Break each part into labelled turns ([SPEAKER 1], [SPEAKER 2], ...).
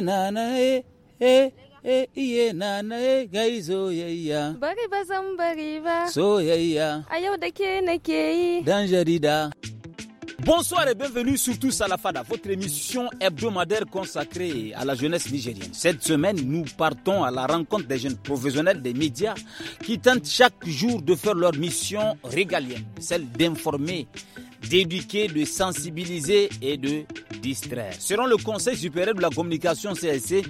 [SPEAKER 1] Bonsoir et bienvenue sur Tous à la Fada, votre émission hebdomadaire consacrée à la jeunesse nigérienne. Cette semaine, nous partons à la rencontre des jeunes professionnels des médias qui tentent chaque jour de faire leur mission régalienne, celle d'informer d'éduquer, de sensibiliser et de distraire. Selon le Conseil supérieur de la communication CSC,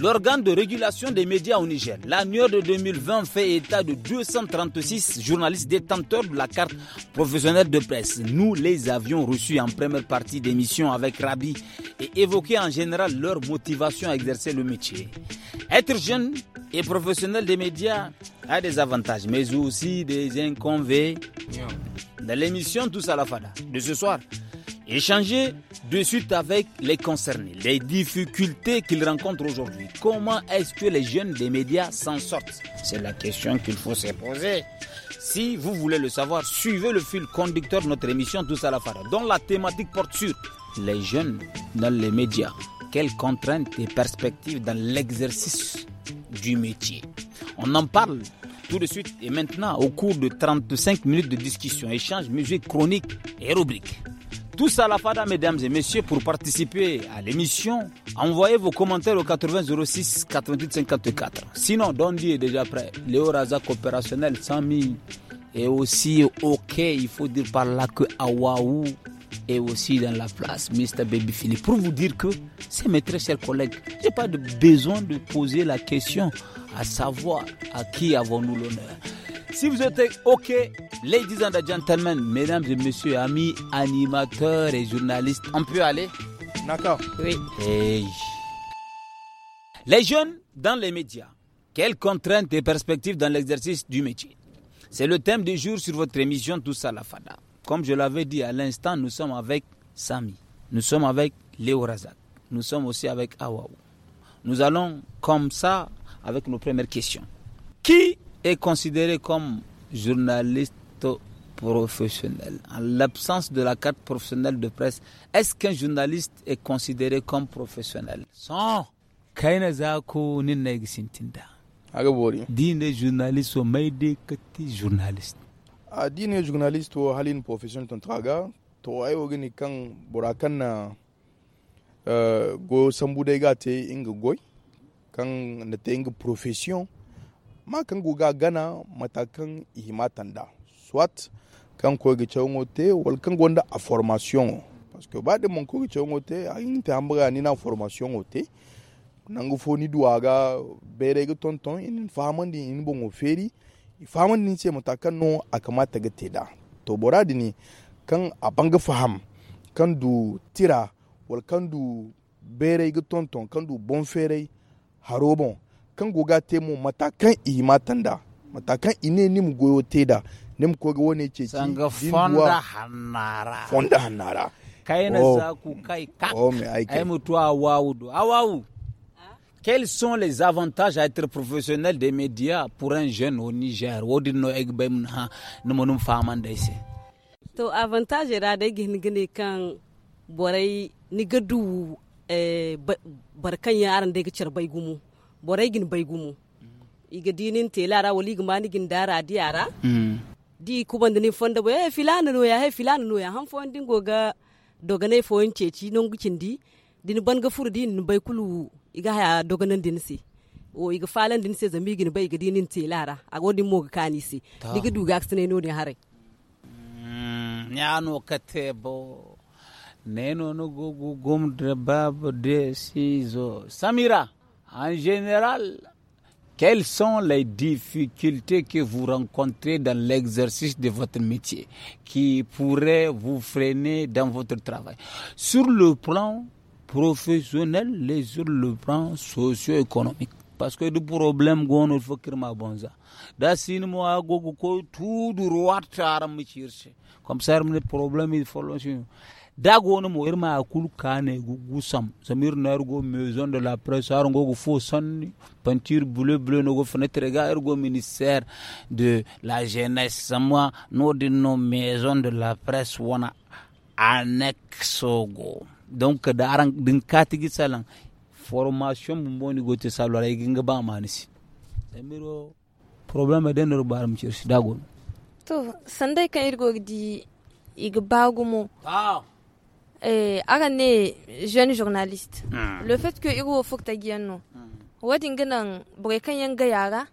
[SPEAKER 1] l'organe de régulation des médias au Niger, l'annuaire de 2020 fait état de 236 journalistes détenteurs de la carte professionnelle de presse. Nous les avions reçus en première partie d'émission avec Rabi et évoqué en général leur motivation à exercer le métier. Être jeune et professionnel des médias a des avantages, mais aussi des inconvénients dans l'émission Tous à la Fada de ce soir, échanger de suite avec les concernés, les difficultés qu'ils rencontrent aujourd'hui. Comment est-ce que les jeunes des médias s'en sortent C'est la question qu'il faut se poser. Si vous voulez le savoir, suivez le fil conducteur de notre émission Tous à la Fada, dont la thématique porte sur les jeunes dans les médias. Quelles contraintes et perspectives dans l'exercice du métier On en parle tout de suite et maintenant au cours de 35 minutes de discussion, échange, musique, chronique et rubrique. Tout ça à la fada, mesdames et messieurs, pour participer à l'émission, envoyez vos commentaires au 80 06 54. Sinon, Dondi est déjà prêt. Léo Razak opérationnel, 000. Et aussi, ok, il faut dire par là que Awaou et aussi dans la place, Mr. Baby Philippe, pour vous dire que c'est mes très chers collègues. Je n'ai pas de besoin de poser la question à savoir à qui avons-nous l'honneur. Si vous êtes OK, ladies and gentlemen, mesdames et messieurs, amis, animateurs et journalistes, on peut aller D'accord. Oui. Les jeunes dans les médias, quelles contraintes et perspectives dans l'exercice du métier C'est le thème du jour sur votre émission tout à la Fada. Comme je l'avais dit à l'instant, nous sommes avec Sami, nous sommes avec Léo Razak, nous sommes aussi avec Awaou. Nous allons comme ça avec nos premières questions. Qui est considéré comme journaliste professionnel En l'absence de la carte professionnelle de presse, est-ce qu'un journaliste est considéré comme professionnel Sans
[SPEAKER 2] journaliste a dine journalist to halin profession ton traga to ai wogini kan burakan na uh, go sambu dai ga te inga goy kan na te inga profession ma kan go ga gana matakan ihimatanda swat kan ko ga chawon te wal kan gonda a formation parce que ba de mon ko ga chawon te ayin te ambra ni na formation te nangu fo ni duwaga bere ga tonton in famandi in bongo feri faman ni ce matakan no a kamata ga teda to boradi ne kan a banga faham kan du tira wal kan du bere ga tonton kan du bon fere harobon kan goga temo matakan i da matakan ine ni mu goyo teda ne mu koga wani ce ci fonda
[SPEAKER 1] hannara fonda hannara
[SPEAKER 2] kai na oh. zaku
[SPEAKER 1] kai kak oh, ai mutuwa wawu do awawu Quels sont les avantages à être professionnel des médias pour un jeune au Niger
[SPEAKER 3] To avantages ra da gini gini kan borai ni gadu eh, barkan yaran da gicar bai gumu borai gin bai gumu iga dinin telara wali gima di mm. kubandini fonda bo eh filana no ya eh filana no ya han fondin goga doga ne foyin non gucin din banga furu din bai kulu iga haya doganan dinsi o iga falan dinsi zami gin bai ga dinin telara a godin mo ga diga duga sine hare
[SPEAKER 1] mm, nyano katebo neno no gogo gom de bab de sizo samira en général quelles sont les difficultés que vous rencontrez dans l'exercice de votre métier qui pourraient vous freiner dans votre travail Sur le plan professionnel les sur le plan socio-économique parce que du problème gonol fakir ma bonza da sin mo agogo ko tudu ruwatara mu cirse comme ça le problème il faut moi. da gono mo irma akul kane gusam samir nargo maison de la presse argo go fo sanni peinture bleu bleu no fenêtre ga ergo ministère de la jeunesse moi no de nos maison de la presse wana annexe donc da aran din katigi salan formation mun boni gote ray ginga ba manisi emiro problème den nor baram ci dagon
[SPEAKER 4] to sandai kan irgo di iga bagumo ah eh aga ne jeune journaliste hmm. le fait que irgo fokta giyanno mm. wadin ginan bure kan yanga yara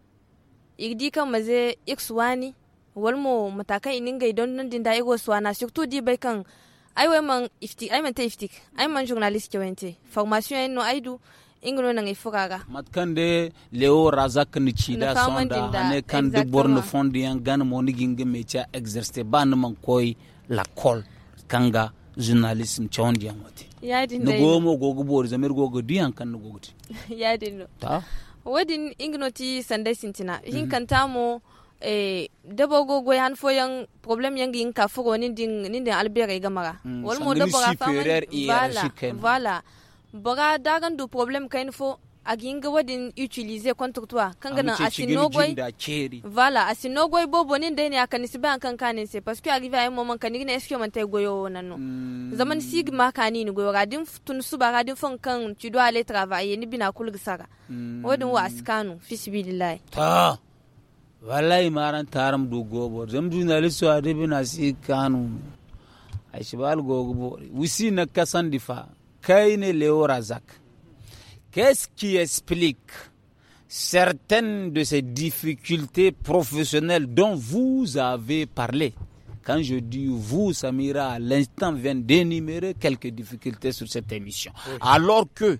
[SPEAKER 4] igdi kan maze x wani walmo matakai ininga idon nan din da irgo suwana surtout di bai kan ai wai man ifti ai man te ifti ai man journaliste ke wente formation en no aidu ingino nan ifuraga e
[SPEAKER 1] matkan de leo razak ni chida sonda ne kan de borne fondi en gan moni ginga mecha exercer ban man koy la kol kanga journalism chondi an
[SPEAKER 4] Ya yadin ne gomo
[SPEAKER 1] gogo bor zamir gogo diyan kan no gogo
[SPEAKER 4] yadin no ta wadin ingino ti sandai sintina mhm. hin kan mo. mm -hmm. eh dabo gogo han fo yang problem yang din ka fugo nin din nin din albere gamara mm. wal mo dabo ga fa voilà voilà boga dagan du problem kain fo aginga wadin utiliser contre toi kanga na asinogoy voilà asinogoy bobo ni dai ne akan siba kan kanin se parce que arrivé à un moment kan ne est-ce que man tay goyo nanu mm. zaman sigma ni goyo radin tun suba radin fon kan tu dois aller travailler ni bina kulga sara
[SPEAKER 1] mm. wadin wa
[SPEAKER 4] askanu fisbillah
[SPEAKER 1] ta wallahi maran taram du gobo zam journalist so ade bina si kanu ay shibal gogo wisi na kasan difa kayne leo razak qu'est-ce qui explique certaines de ces difficultés professionnelles dont vous avez parlé quand je dis vous, Samira, à l'instant vient d'énumérer quelques difficultés sur cette émission. Alors que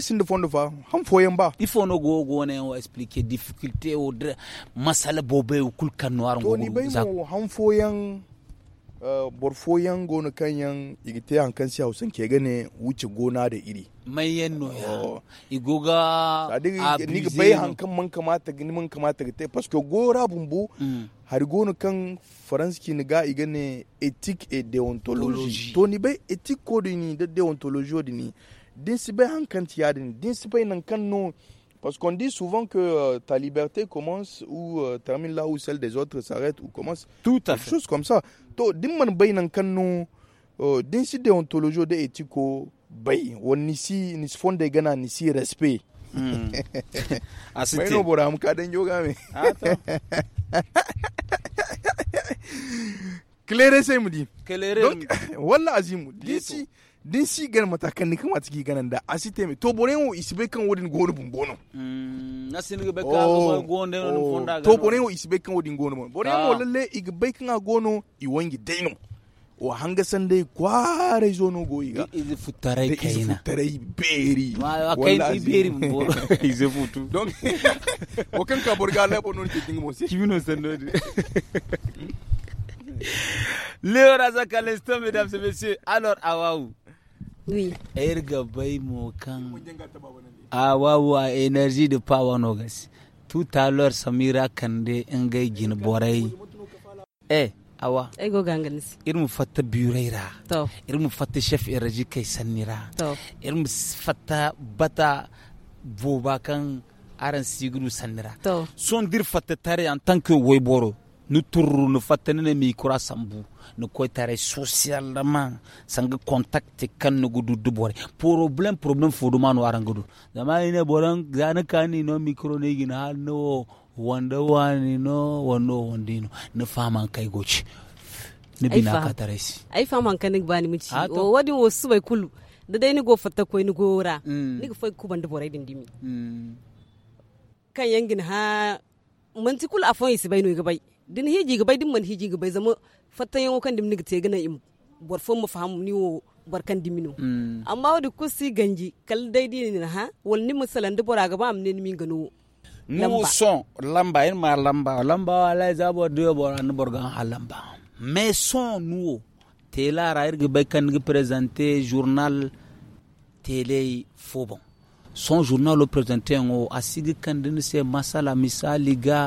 [SPEAKER 1] sin da fondo fa ham foyen ba ifo no go go ne o explique difficulté o masala bobe o kul kan noar go ni bay mo
[SPEAKER 2] ham foyen eh, bor foyen go no yan igite han kan siya usan ke gane wuce gona da iri
[SPEAKER 1] mai no ya oh. igoga a
[SPEAKER 2] ni bay han kan man kamata gani man kamata te paske gora bumbu mm. har go no kan faranski ni ga igane ethique et déontologie to ni bay ethique ko ni de déontologie ni Din sibai hankan tiyadin, din sibai nan Parce qu'on dit souvent que euh, ta liberté commence ou euh, termine là où celle des autres s'arrête ou commence. Tout à fait. chose comme ça. To, din man bai nan kan non, euh, din si déontologie de éthico bai, on nisi, nisi fonde gana, nisi respect. Mm. Asite. Maino bora amkaden yoga me. Attends. Claire Semoudi. Claire Donc, voilà Azimou. D'ici. din si gan matakan ni kama tigi ganan da asi teme to bone o isibe kan wodin gonu bun gonu na sin ga beka ga gonu no oh. fonda ga to bone o isibe kan wodin gonu bun bore ah. o lalle ig bai kan ga gonu i wangi daino o hanga dai kware zo no goyi. ga izi futarai kaina futarai beri ma kai beri mun bo izi futu donc o kan ka borga la bonon ti dingo se kibino san no di
[SPEAKER 1] à l'instant, mesdames et messieurs. Alors, Waouh. oui air gabay mo kan awawa energy de power no gas tout à samira kande ngay gin boray eh awa ego eh, ganganis irmu fatta bureira to irmu fatta chef energy kay sanira to irmu fatta bata boba kan aran sigru sanira to son dir fatta tare en tant que woyboro ni turru ni fattani ne mi kura sambu ni koy tare socialement sanga contact kan ni gudu dubore problem problem fodu manu arangudu zama e ne boran zani kani no mikro ne gina har no wanda wani no wano wandino ni faman kai goci ni bina ka tare si
[SPEAKER 3] ai faman kan ni bani mici o wadin o bai kulu da dai ni go fatta koy ni ra ni go fai kuban dubore dindimi kan yangin ha mantikul afon isi bai no gabai din hiji ga bai din man hiji ga bai zama fatan yau kan dim nigte gana im bor fo mu fahamu ni wo barkan kan dimino mm. amma wadi kusi ganji kal dai di ni ha wal ni musalan de bora ga ba amne ne ni min gano wo son
[SPEAKER 1] lamba en ma lamba lamba wala za bo do bora ran bor ga lamba mais son nu tela ra ir ga bai kan ga presenter journal télé fobon. son journal o presentin ngo a sigi kandini se masala misali ga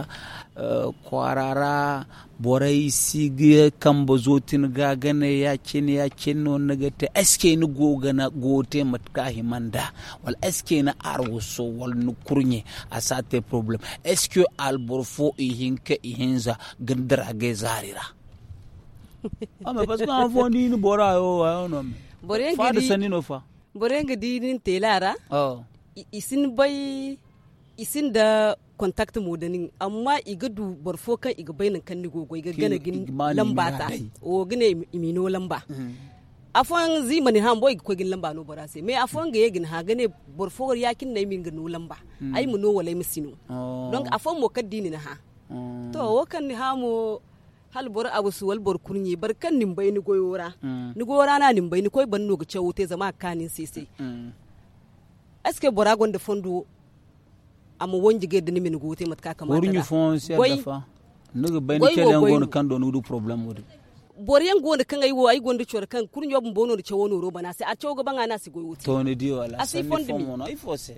[SPEAKER 1] uh, kwarara borai sigi kamba zotin ga gane ya cin ya cin no naga ta eske ni gogana gote matka himanda wal eske na arwoso wal nukurnye a sate problem eske alborfo ihinke ihinza gandara ge zarira
[SPEAKER 3] ame ah, parce que an fo ni
[SPEAKER 1] oh, ni bora yo ayo no me borengi di fa
[SPEAKER 3] borengi di ni telara oh isin bai isin da contact mu da nin amma iga du barfo kan iga bainan kan ni gogo iga gana gin lamba ta o gine imino lamba mm-hmm. afon zi mani han boy ko gin lamba no borase me afon ga yegin ha gane barfo yakin nay min gano lamba mm-hmm. ai mu no walai musino
[SPEAKER 1] oh. don afon
[SPEAKER 3] mo kaddini na ha mm. to wakan ni ha mo hal bor abu su wal bor kunyi bar kan nin ni goyora mm. ni goyora na nin ni koy ban ga chawo te zama kanin sisi est ce que bora gonde fondu amu wonji ni min gote mat ka kamata fon dafa
[SPEAKER 1] bayni kele kando nudu problem wodi
[SPEAKER 3] yang gonde kan ay wo ay chor kan mbono de roba se a banga na se goyuti
[SPEAKER 1] to ne asi fondi mi ifose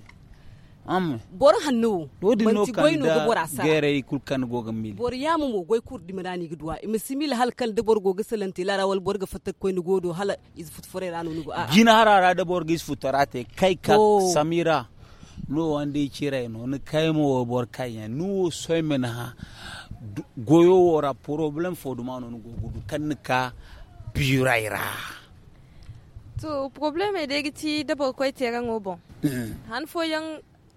[SPEAKER 1] am
[SPEAKER 3] bor hanno
[SPEAKER 1] dodi no kan da gere kul kan go mil. bor
[SPEAKER 3] yamu mo goy kur dimrani gidwa misimil hal kan da bor go gisalante lara wal bor ga fatak koy ni godo hala iz fut fore ranu ni go a
[SPEAKER 1] jina harara da bor gis futarate kai ka oh. samira no wande chira no ni kai mo bor kai nu soy men ha goyo wora problem fo duma no go kan ka biraira
[SPEAKER 4] to so, problème e degi ti dabo koy tera ngo bon mm. han fo yang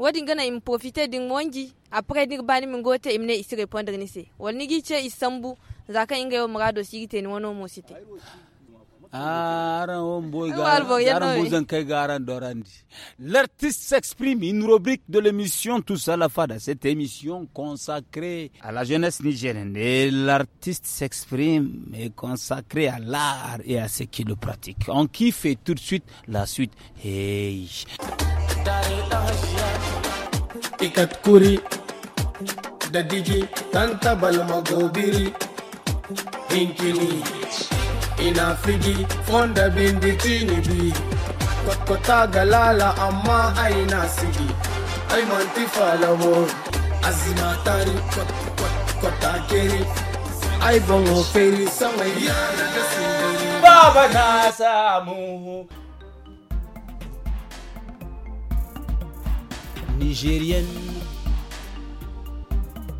[SPEAKER 4] wadin gana im profiter din wangi après din bani min gote imne isi répondre ni se walni gi ce isambu zaka inga yo murado sigite ni wono mo site
[SPEAKER 1] L'artiste s'exprime, une rubrique de l'émission Tous à la Fada, cette émission consacrée à la jeunesse nigérienne. Et l'artiste s'exprime est consacré à l'art et à ce qu'il pratique. On kiffe tout de suite la suite. Hey.
[SPEAKER 5] Ikat kuri da digi tanta balma gobiri inkini ina figi fonda bindi bi, kota galala amma aina sigi ai manti falawo azima tari kot kot kota keri ai bongo feri sama
[SPEAKER 1] yana baba na
[SPEAKER 5] samu
[SPEAKER 1] nigérienne,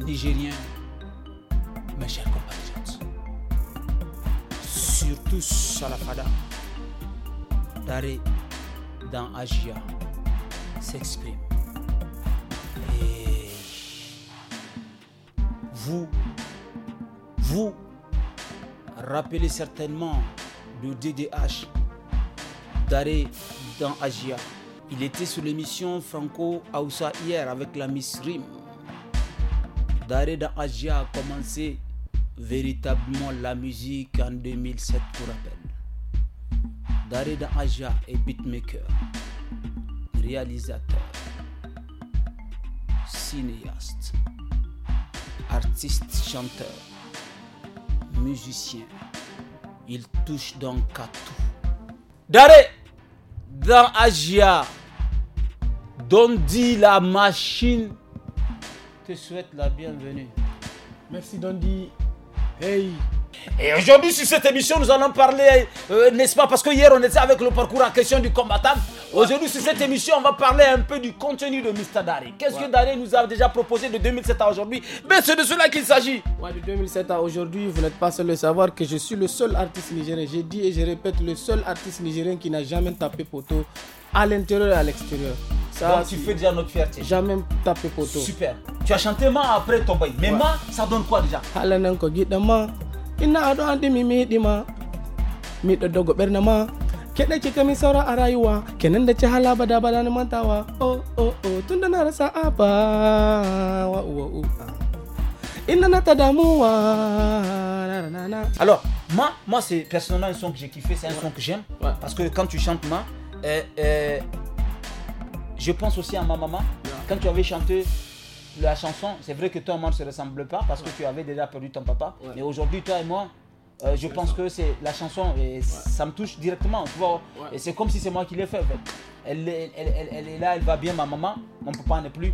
[SPEAKER 1] nigérien, mes chers compatriotes, surtout Salafada, Daré dans Agia s'exprime. Et vous, vous rappelez certainement le DDH Daré dans Agia. Il était sur l'émission Franco Aoussa hier avec la Miss Rim. Dareda Ajia a commencé véritablement la musique en 2007 pour rappel. Dareda Agia est beatmaker, réalisateur, cinéaste, artiste chanteur, musicien. Il touche donc à tout. Daré dans Dondi la machine te souhaite la bienvenue. Merci Dondi. Hey. Et aujourd'hui sur cette émission, nous allons parler, euh, n'est-ce pas, parce que hier on était avec le parcours en question du combattant. Aujourd'hui sur cette émission, on va parler un peu du contenu de Mr. Dari. Qu'est-ce que Dari nous a déjà proposé de 2007 à aujourd'hui Mais c'est de cela qu'il s'agit.
[SPEAKER 5] Ouais, de 2007 à aujourd'hui, vous n'êtes pas seul à savoir que je suis le seul artiste nigérien. J'ai dit et je répète, le seul artiste nigérien qui n'a jamais tapé poteau à l'intérieur et à l'extérieur. Ça, tu fais déjà notre fierté. Jamais tapé poteau. Super. Tu as chanté ma après ton bail. Mais ouais. ma, ça donne quoi déjà Halanan ko gida ma. Ina ado andi mi mi di ma. Mi do dogo berna ma. Kede kika mi saura a rayuwa. Kenan da ci hala bada bada mantawa. Oh oh oh tunda na rasa aba. Wa wa wa. Inna na ta damuwa. Alors,
[SPEAKER 1] ma, moi c'est personnellement un son que j'ai kiffé, c'est un ouais. son que j'aime. Ouais. Parce que quand tu chantes ma, euh, euh, je pense aussi à ma maman. Quand tu avais chanté la chanson, c'est vrai que toi et moi ne se ressemble pas parce que tu avais déjà perdu ton papa. Mais aujourd'hui, toi et moi, euh, je pense que c'est la chanson et ça me touche directement. Tu Et c'est comme si c'est moi qui l'ai fait. Elle, est là, elle va bien, ma maman, mon papa n'est plus.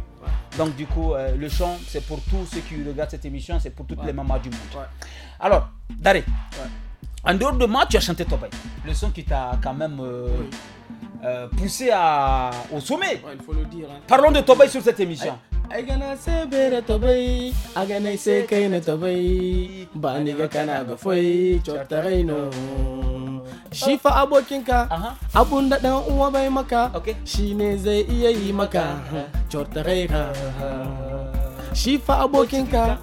[SPEAKER 1] Donc du coup, euh, le chant, c'est pour tous ceux qui regardent cette émission, c'est pour toutes les mamans du monde. Alors, Daré, en dehors de moi, tu as chanté toi-même. le son qui t'a quand même euh, euh, Pousser
[SPEAKER 5] à, au sommet. il faut le dire. Hein. Parlons de Tobay sur cette émission. agana aigana sebere tobai agana se kaina tobay ba ni ga kana ga foi chottaraino shi fa abokinka abunda da dan uwa bai maka shine zai maka chottaraina shi fa abokinka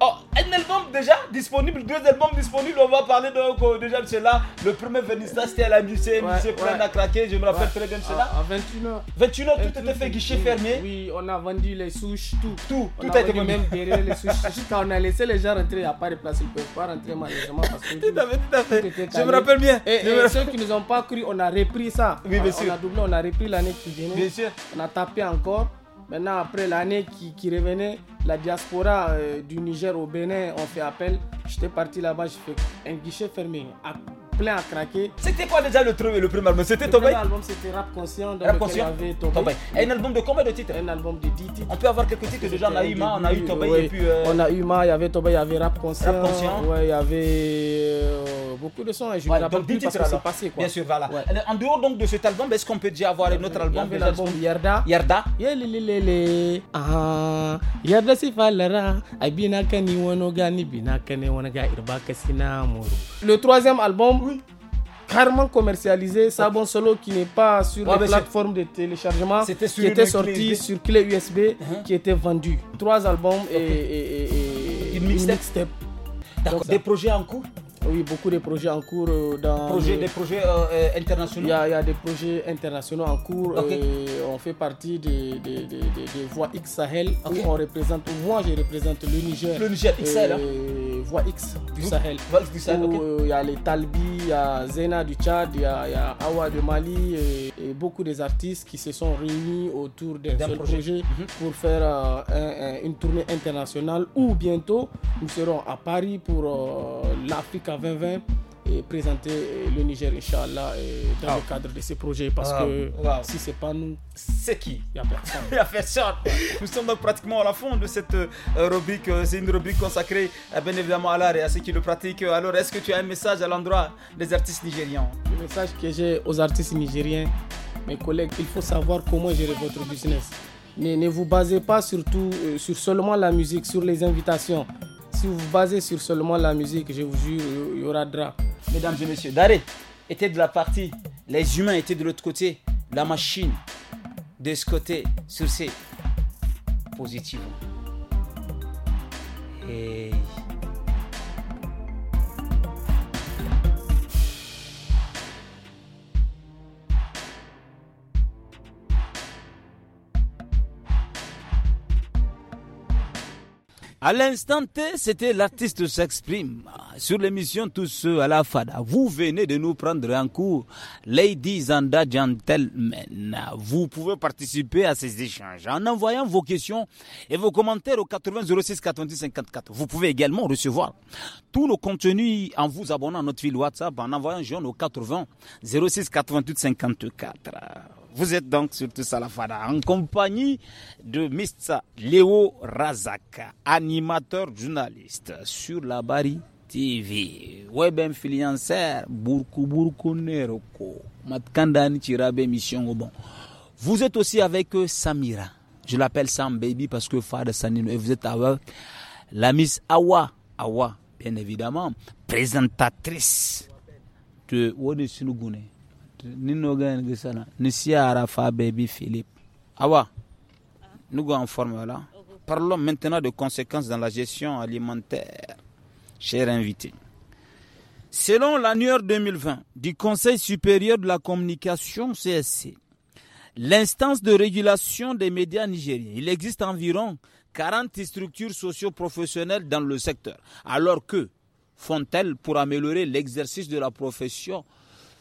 [SPEAKER 5] Oh, un album déjà
[SPEAKER 1] disponible, deux albums disponibles. On va parler donc déjà de cela. Le premier Venista, c'était à la musée, ouais, plein à
[SPEAKER 5] craquer. Je me rappelle très bien de cela. À, 21h. 21h, tout était fait guichet fermé. Oui, on a vendu les souches, tout. Tout, tout a, été vendu. Même derrière les souches. Quand on a laissé les gens rentrer, il n'y a pas de place. Ils ne peuvent pas rentrer malheureusement. Parce que tout, tout à fait, tout à fait. Je me rappelle bien. Et, ceux qui ne nous ont pas cru, on a repris ça. Oui, bien on, sûr. On a doublé, on a repris l'année qui venait. Bien sûr. On a tapé encore. Maintenant, après l'année qui, revenait, la diaspora euh, du Niger au Bénin, ont fait appel. J'étais parti là-bas, j'ai fait un guichet fermé, à, plein à craquer. C'était quoi déjà le, premier album C'était Tobay Le album, c'était Rap Conscient. Rap Conscient Tobay. Un album de combien de titres Un album de 10 titres. On peut avoir quelques titres déjà. On a eu Ma, on a eu Tobay. Et puis, euh, On a eu Ma, il y avait Tobay, il y avait Rap Conscient. Rap Conscient. Ouais, il y avait. Euh, euh, beaucoup de sons et je ne ouais, me rappelle plus parce que c'est passé. Quoi. Bien sûr,
[SPEAKER 1] voilà. Ouais. En dehors donc de cet album, est-ce qu'on peut déjà avoir euh, un autre album Il y album
[SPEAKER 5] Yarda. Yarda. Yelelelele. Ah, Yarda si falara. Abina kani wanoga ni bina kani wanoga irba kasina moro. Le troisième album. Oui carrément commercialisé Sabon okay. Solo qui n'est pas sur ouais, les plateformes de téléchargement qui était sorti clé. sur clé USB uh -huh. qui était vendu trois albums okay. et, et, et, une mixtape, D'accord. des projets en cours oui, beaucoup de projets en cours euh, dans. Des projets euh, euh, internationaux Il y, a, des projets internationaux en cours. on fait partie des, Voix X Sahel on représente, moi je représente le Niger. Le Niger X Sahel hein? Voix X du Sahel. Il y a les Talbi, il y a Zena du Tchad, il y a, Awa de Mali et, beaucoup des artistes qui se sont réunis autour d'un projet, projet mhm. pour faire une tournée internationale Ou bientôt nous serons à Paris pour l'Afrique 2020 et présenter euh, le Niger, Inch'Allah, euh, dans le ah. cadre de ces projets. Parce ah, que si si n'est pas nous, c'est qui Il a
[SPEAKER 1] personne. Il nous sommes donc pratiquement à la fond de cette euh, rubrique. C'est une rubrique consacrée bien évidemment à l'art et à ceux qui le pratiquent. Alors, est-ce que tu as un message à l'endroit des
[SPEAKER 5] artistes nigérians Le message que j'ai aux artistes nigériens, mes collègues, il faut savoir comment gérer votre business. Ne, ne vous basez pas surtout sur seulement la musique, sur les invitations. Si vous vous basez sur seulement la musique, je vous jure, il y aura drap. Mesdames et messieurs, Daré était de la partie. Les
[SPEAKER 1] humains étaient de l'autre côté. La machine de ce côté, sur ces positivement. Et. À l'instant T, c'était l'artiste s'exprime sur l'émission Tous ceux à la Fada. Vous venez de nous prendre en cours, Lady and Gentlemen. Vous pouvez participer à ces échanges en envoyant vos questions et vos commentaires au 80 06 88 54. Vous pouvez également recevoir tout le contenu en vous abonnant à notre fil WhatsApp en envoyant jeune au 80 06 88 54. Vous êtes donc sur Salafada en compagnie de Mr. Léo Razaka, animateur journaliste sur la Bari TV, web ben, influenceur, Burku Neroko, Matkandani Mission bon. Vous êtes aussi avec euh, Samira. Je l'appelle Sam Baby parce que Fada Sanino, et vous êtes avec la Miss Awa, Awa, bien évidemment, présentatrice de Wode philippe nous là parlons maintenant de conséquences dans la gestion alimentaire cher invités. selon l'annuaire 2020 du conseil supérieur de la communication csc l'instance de régulation des médias nigériens il existe environ 40 structures socio-professionnelles dans le secteur alors que font-elles pour améliorer l'exercice de la profession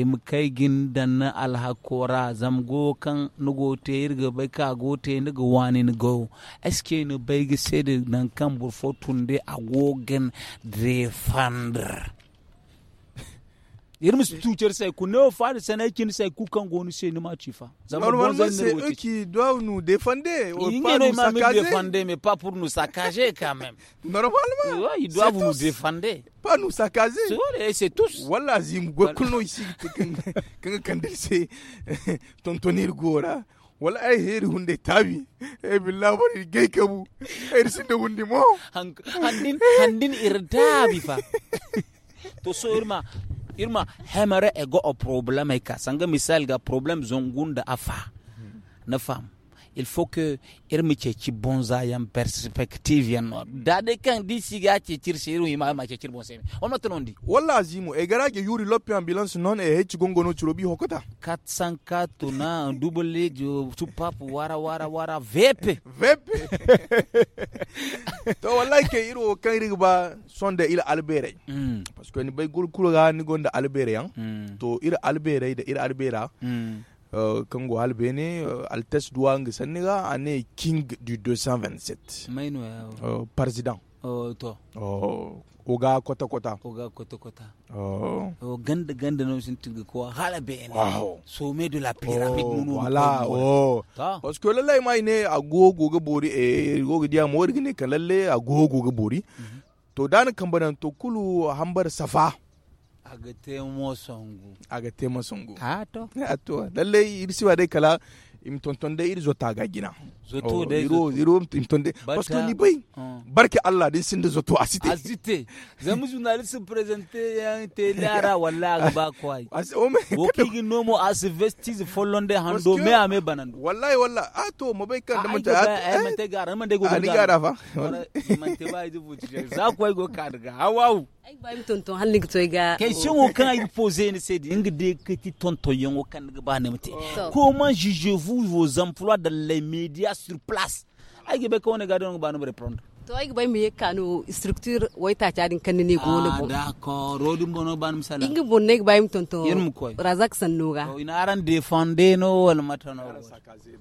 [SPEAKER 1] im kai gindan na alhakora zam go kan nugo te irga bai ka go te nugo wani nugo eske ni bai gi da nan kan burfo tunde agogen defender irin su tucer sai ku ne fa da sanai kin sai ku kan gonu sai ni ma chifa. fa zama bon zan ne woti
[SPEAKER 2] qui doivent nous défendre ou pas nous saccager défendre mais pas pour nous saccager quand même normalement Oui, ils doivent nous défendre pas nous saccager c'est vrai c'est tous voilà zim gokuno ici kan kan desse ton tonir gora wala ay her hunde tawi e billahi woni gay kabu e sinde hundi mo handin handin ir tabi fa to
[SPEAKER 1] so irma hemere ego o probleme ka sanga misal ga problem zongunda afa hmm. na fam il faut que irmi ce ci bonza yan perspective yan no da de kan di siga ce tir siru ima ma ce tir bonse on
[SPEAKER 2] not non di walla azimu e garage yuri lopi ambulance non e hech gongo no churobi hokota 404 na double jo tupapu wara wara wara vepe vepe to wallahi ke iro kan rigba sonde il albere mm. parce que ni bay gol kulaga ni gonda albere yan mm. to ir albere da ir albera mm. Comme kango albene euh, altes douang senega king du 227 président oh toi. oh oga kota kota
[SPEAKER 1] oga kota kota
[SPEAKER 2] oh, oh ganda ganda no ko hala
[SPEAKER 1] bene sommet de la pyramide oh, voilà oh
[SPEAKER 2] parce que le agogo bori e bori to dan to kulu agatemo songu agatemo songu ato ato lallai irsiwa dai kala im tonton dai irzo tagagina zoto oh, da iro iro mtunde parce que ni boy hum. barke Allah dai sun da zoto a ah, cite a
[SPEAKER 1] cite zamu journalist presente yan
[SPEAKER 2] telara wallahi ba
[SPEAKER 1] kwai woki gi nomo as vestis follonde hando me ame banando
[SPEAKER 2] wallahi walla a to mo bai kan da mun ta a mun ta gara mun dai go gara fa
[SPEAKER 3] mun ta bai du buci za kwai go ka daga hawau ai bai tonton hanni to oh. ga question o kan
[SPEAKER 1] ai poser ne c'est dingue de que ti tonton yo kan ga ba ne mate comment jugez vous vos emplois dans les médias place sur place ay gi be ko ne gado ba no reprendre
[SPEAKER 3] to ay gi bay mi kanu structure woyta ta tá, tá, din kan ah, ne go ne bo
[SPEAKER 1] d'accord rodum bono ban misala ingi
[SPEAKER 3] bon ne bay mi tonto yirmu koy razak sannuga to oh, ina
[SPEAKER 1] aran defende no wal matano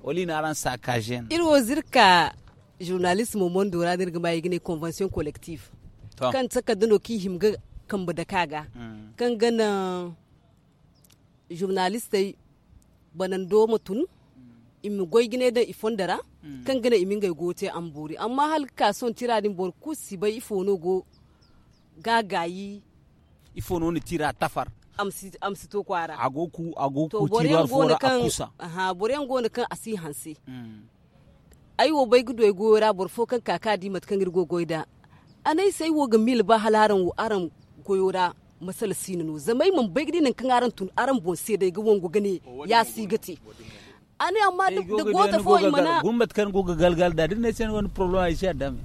[SPEAKER 1] oli ina aran sakajen
[SPEAKER 3] il wozirka journaliste mo mon dora dir gamba yigine convention collective kan tsaka dano ki himga kan bu da kaga hmm. kan gana journaliste banan do mutun imi goygine da ifondara mm. kan gina imi ga gote an bori amma hal kason tiradin bor kusi bai ifono go gagayi
[SPEAKER 1] ifono ni tira tafar
[SPEAKER 3] amsi amsi to kwara
[SPEAKER 1] agoku agoku tira fora kan, akusa
[SPEAKER 3] aha boren ne kan asi hanse mm. ai wo bai gudo go ra bor fo kan kaka di mat kan girgo goida anai sai wo ga mil ba halaran wo aram goyora masal sinu zamai mun bai gidi nan kan aran tun aran bon sai dai ga wongo gane ya sigati ani amma da gota fo imana
[SPEAKER 1] gumbat kan goga galgal da ne sen wani problem a shi adam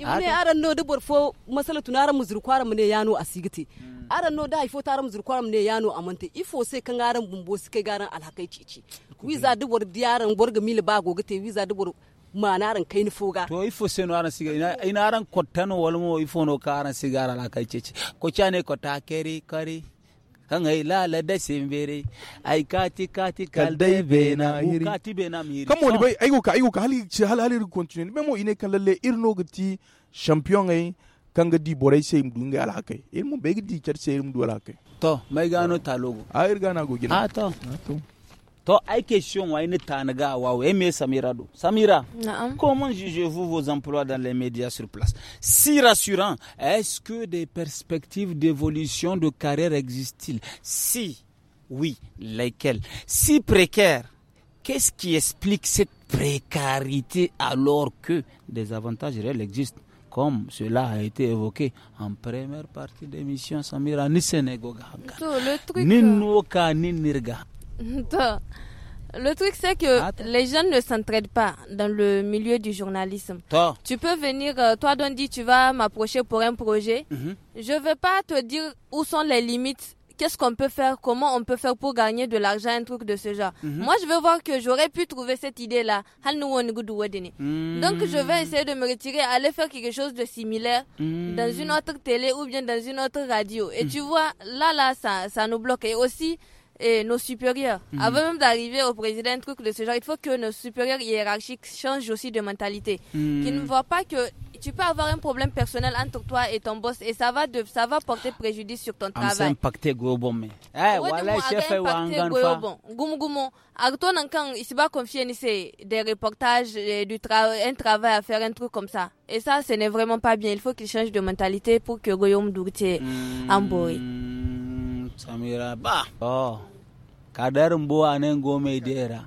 [SPEAKER 3] ibne aran no dubur fo masala tunara muzur kwara mune yano asigiti hmm. aran no da ifo taram zur kwaram ne yano amante ifo sai kan aran bumbo su kai garan alhakai cici wiza dubur diyaran borga mil ba te wiza na manaran kai ni foga
[SPEAKER 1] to ifo no aran siga ina ina aran kottano walmo ifo no karan sigara la kai cici ko cha ko ta keri kari ngailala desimbere aikati kati kalde bena ukati bena miri kam woni oh. bay
[SPEAKER 2] ay ka ay ka hali hali hali continue memo ine kan lalle irno gati champion ay kanga di boray sey mdu ngai ala kay irmo begi di cer sey mdu ala kay to may gano talogo a irgana go gina a ah, to ah, to ai
[SPEAKER 1] question wa ni tanaga wa wa me Samira do Samira comment jugez-vous vos emplois dans les médias sur place si rassurant est-ce que des perspectives d'évolution de carrière existent-ils si oui lesquelles si précaire qu'est-ce qui explique cette précarité alors que des avantages réels existent comme cela a été évoqué en première partie de l'émission Samira ni Sénégal ni euh, Noka ni Nirga
[SPEAKER 4] Le truc, c'est que les jeunes ne s'entraident pas dans le milieu du journalisme. Tu peux venir, euh, toi, Dondi, tu vas m'approcher pour un projet. Mhm. Je ne vais pas te dire où sont les limites, qu'est-ce qu'on peut faire, comment on peut faire pour gagner de l'argent, un truc de ce genre. Mhm. Moi, je veux voir que j'aurais pu trouver cette idée-là. Mhm. Donc, je vais essayer de me retirer, aller faire quelque chose de similaire dans une autre télé ou bien dans une autre radio. Et tu vois, là, là, ça, ça nous bloque. Et aussi, et nos supérieurs. Mhm. Avant même d'arriver au président, un truc de ce genre, il faut que nos supérieurs hiérarchiques changent aussi de mentalité. qui mhm. Qu'ils ne voient pas que tu peux avoir un problème personnel entre toi et ton boss et ça va de, ça va porter préjudice sur ton ah, travail.
[SPEAKER 1] Eh, ça gobo me. Eh voilà chef wa angan fa.
[SPEAKER 4] Gumu goumou, acton il se va confier ni c'est des reportages du travail un travail à faire un truc comme ça. Et ça ce n'est vraiment pas bien, il faut qu'il change de mentalité pour que Goyom Dourtier mmh.
[SPEAKER 1] samira ba to kadarin bo anen gome dera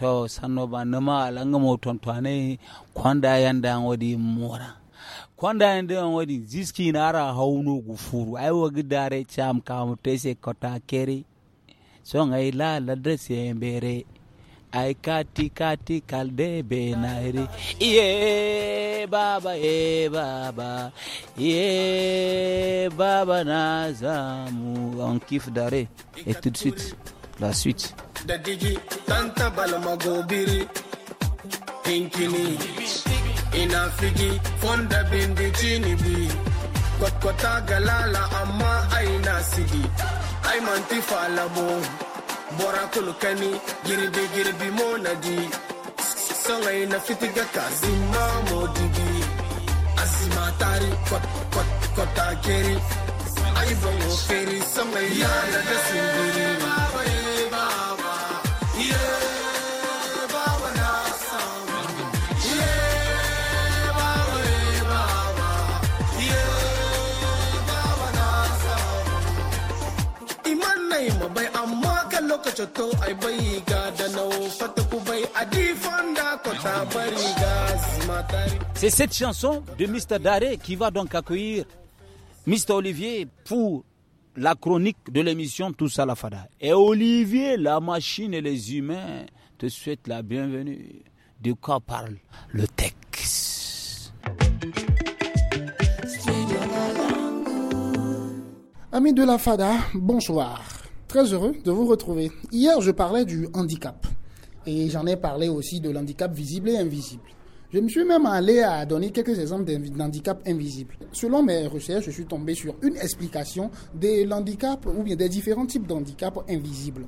[SPEAKER 1] to sanno ba nama alanga moton to ane kwanda yanda wadi mora kwanda yanda wadi ziski nara hauno gufuru ai wagi dare cham kam tese kota keri so ngai la la dresse embere ai kati kati kalde benairi ye baba ye baba ye baba nazamu on kiffe et tout de suite la suite
[SPEAKER 5] da digi tanta balamagobiri. gobiri pinkini ina figi fonda bindi bi kwakwata galala amma aina sigi ai Bora kolokani yiribe yiribi mo nadi sanga ina fitiga kazima modigi asima tari kot kot kota keri ayi bongo feri sanga ina ya ya singiri
[SPEAKER 1] C'est cette chanson de Mr Daré qui va donc accueillir Mr Olivier pour la chronique de l'émission Tous à la Fada. Et Olivier, la machine et les humains te souhaitent la bienvenue. De quoi parle le texte
[SPEAKER 6] Amis de la Fada, bonsoir très heureux de vous retrouver. Hier, je parlais du handicap. Et j'en ai parlé aussi de l'handicap visible et invisible. Je me suis même allé à donner quelques exemples d'handicap invisible. Selon mes recherches, je suis tombé sur une explication des handicaps ou bien des différents types d'handicap invisibles.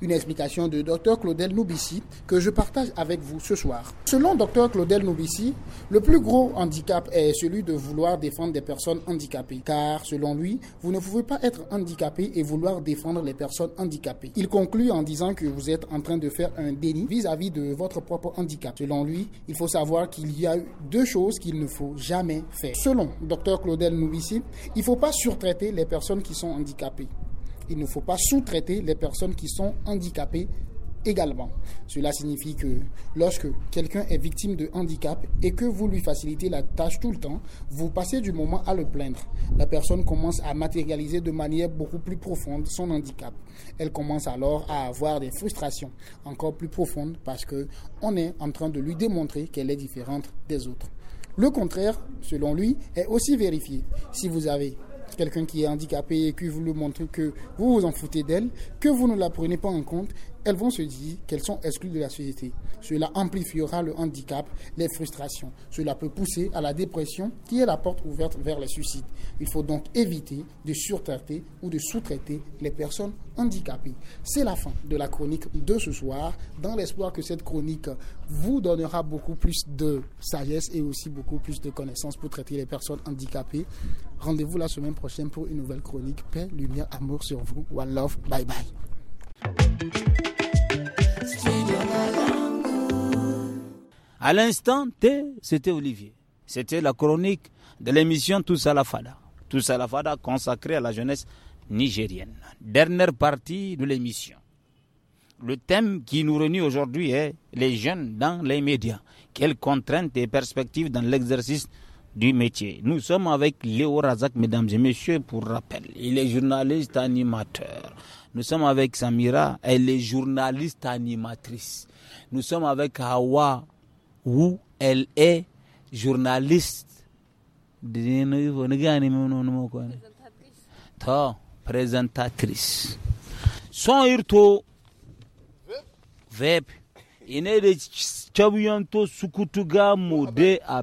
[SPEAKER 6] Une explication de Dr Claudel Noubissi que je partage avec vous ce soir. Selon Dr Claudel Noubissi, le plus gros handicap est celui de vouloir défendre des personnes handicapées. Car selon lui, vous ne pouvez pas être handicapé et vouloir défendre les personnes handicapées. Il conclut en disant que vous êtes en train de faire un déni vis-à-vis de votre propre handicap. Selon lui, il faut savoir qu'il y a deux choses qu'il ne faut jamais faire. Selon Dr Claudel Noubissi, il ne faut pas surtraiter les personnes qui sont handicapées il ne faut pas sous-traiter les personnes qui sont handicapées également. Cela signifie que lorsque quelqu'un est victime de handicap et que vous lui facilitez la tâche tout le temps, vous passez du moment à le plaindre. La personne commence à matérialiser de manière beaucoup plus profonde son handicap. Elle commence alors à avoir des frustrations encore plus profondes parce que on est en train de lui démontrer qu'elle est différente des autres. Le contraire, selon lui, est aussi vérifié. Si vous avez quelqu'un qui est handicapé et que vous lui montrez que vous vous en foutez d'elle, que vous ne la prenez pas en compte elles vont se dire qu'elles sont exclues de la société. Cela amplifiera le handicap, les frustrations. Cela peut pousser à la dépression qui est la porte ouverte vers le suicide. Il faut donc éviter de surtraiter ou de sous-traiter les personnes handicapées. C'est la fin de la chronique de ce soir, dans l'espoir que cette chronique vous donnera beaucoup plus de sagesse et aussi beaucoup plus de connaissances pour traiter les personnes handicapées. Rendez-vous la semaine prochaine pour une nouvelle chronique. Paix, lumière, amour sur vous. One love. Bye bye.
[SPEAKER 1] À l'instant T, c'était Olivier. C'était la chronique de l'émission Tous à la Fada. à la Fada consacrée à la jeunesse nigérienne. Dernière partie de l'émission. Le thème qui nous renie aujourd'hui est les jeunes dans les médias. Quelles contraintes et perspectives dans l'exercice du métier. Nous sommes avec Léo Razak, mesdames et messieurs, pour rappel. Il est journaliste animateur. Nous sommes avec Samira, elle est journaliste animatrice. Nous sommes avec Hawa où elle est journaliste. Présentatrice. Son irto, vep, il est de Chabuyanto Sukutuga Mode à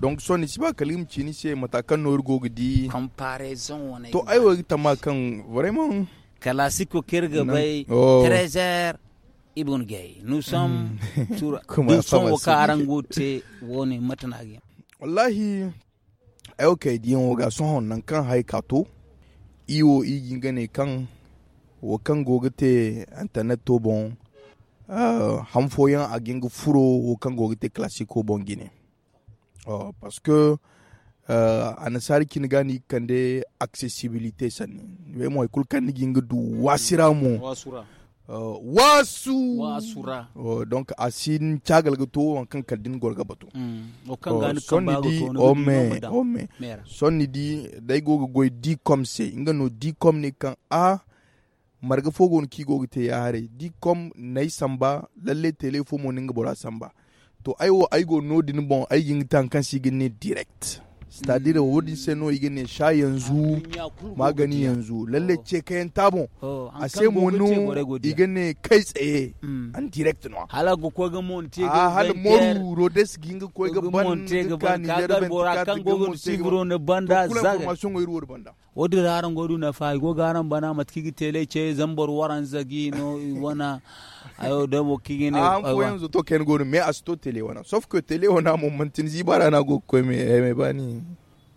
[SPEAKER 2] donc soni siba kalim matakan comparaison to ai wagi vraiment classico bay oh.
[SPEAKER 1] trésor ibn gay nous hmm. sommes nous sommes woni matanagi
[SPEAKER 2] wallahi ai eh, okay diyan waga son nan kan hay kato iwo kan internet to bon hamfoyan ah, agingu furo kan classico bon oh, parce que euh, ana sari gani kande accessibilité sani be mo kul kan ginga du wasira mo wasura uh, wasu wasura uh, donc asin tiagal ga to wan kan gol ga bato mm. o kan uh, sonni di o me sonni di day go go di comme se inga no di comme ni kan a marga fogon ki go te yare di comme nay samba lalle telefo mo ninga bora samba to aiwo aigo no din bon aigin tan kan shi ne direct stadir mm. wodin seno igin sha yanzu ah, magani yanzu lalle oh. ce kayan tabon a se mu igin ne kai tsaye mm. an direct no hala go ko ga mon te ga hal moru rodes ginga ko ga ban ka ni der ben bora kan go sigro ne banda zaga kuma sun go iruwar banda
[SPEAKER 1] wodi raran godu na fa go garan bana matkigi tele ce zambar waran zagi
[SPEAKER 2] no wana yanzu to ken go me tele sauf que tele wana mon mantin zibara na go ko me eh, me bani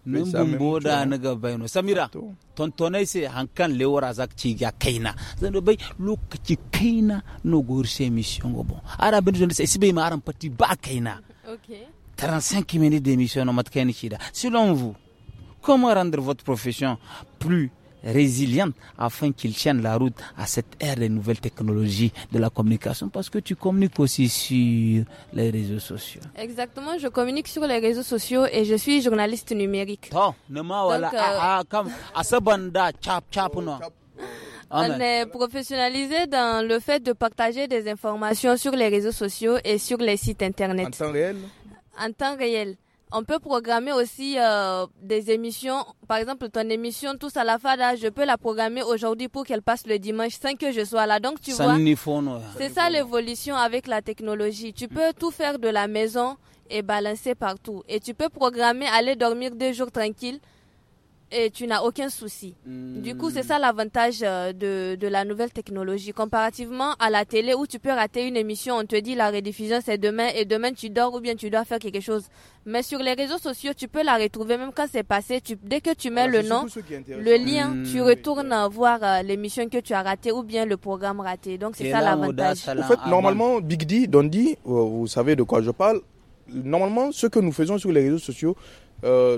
[SPEAKER 2] bun
[SPEAKER 1] samira hankan lewara zak ci ga kaina zan lokaci kaina no go mission go bon ara se ma ba kaina 35 minutes d'émission no mat selon vous comment rendre votre profession plus résiliente afin qu'ils tiennent la route à cette ère des nouvelles technologies de la communication parce que tu communiques aussi sur les réseaux sociaux.
[SPEAKER 4] Exactement, je communique sur les réseaux sociaux et je suis journaliste numérique. on est professionnalisé dans le fait de partager des informations sur les réseaux sociaux et sur les sites internet. En temps réel En temps réel on peut programmer aussi euh, des émissions. Par exemple, ton émission Tous à la Fada, je peux la programmer aujourd'hui pour qu'elle passe le dimanche sans que je sois là. Donc, tu vois, c'est ça l'évolution avec la technologie. Tu peux tout faire de la maison et balancer partout. Et tu peux programmer aller dormir deux jours tranquilles et tu n'as aucun souci. Du coup, c'est ça l'avantage euh, de, de, la nouvelle technologie. Comparativement à la télé où tu peux rater une émission, on te dit la rediffusion c'est demain et demain tu dors ou bien tu dois faire quelque chose. Mais sur les réseaux sociaux, tu peux la retrouver même quand c'est passé. Tu, dès que tu mets ah, le nom,
[SPEAKER 6] le lien, hmm. tu
[SPEAKER 4] retournes voir euh, l'émission que tu as ratée ou bien le programme raté. Donc c'est ça l'avantage. En fait, normalement,
[SPEAKER 2] Big D, Dondi, euh, vous savez de quoi je parle. Normalement, ce que nous faisons sur les réseaux sociaux, euh,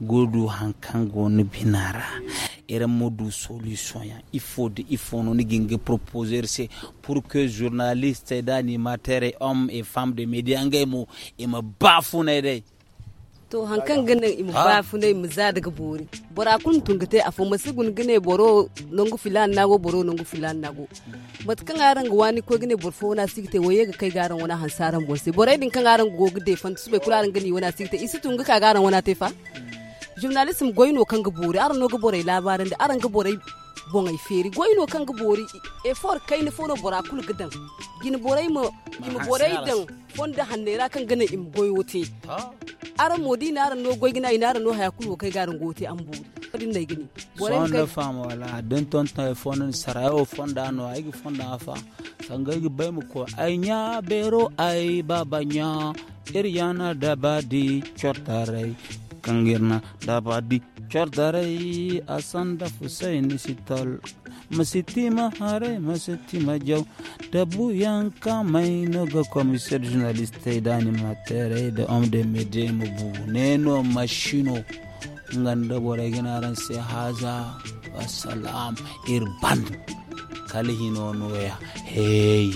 [SPEAKER 1] godu hankango ni binara era modu solution ya ifo de ifo no ni ginge proposer se pour que journaliste et animateur et homme et femme de media ngemo e ma bafu ne dai
[SPEAKER 3] to hankan gane im ah. ba ne e mu za daga bori bora kun tungate a fama gane boro nongo filan nago boro nongo filan nago mat kan aran ga wani ko gane borfo wana sikte waye ga kai garan wana hansaran borse bora e din kan aran go gide fan be kula aran gani wana sikte isi tunga ka garan wana tefa mm. journalism goyno kan gabori aran no gabori labarin da aran gabori bon ay feri goyno kan gabori e for kayne fono bora kul dan gin borai mo im borai dan da fonda hannera kan gane im goyote aran modi na aran no goygina ina aran no haya kul kai garin gote an buri din dai gini borai kai
[SPEAKER 1] fam wala don ton ta e fono sarayo fonda no ay fonda afa sangai bai mu ko ay nya bero ay babanya iryana er dabadi chortarai kangirna dabadi chardarai asanda fusaini sital masitima hare masitima jaw dabu yanka mainoga commissaire journaliste d'animateur de homme de média mubu neno machino ganda boreginaran se haza wassalam irban kalihinonoya
[SPEAKER 6] hey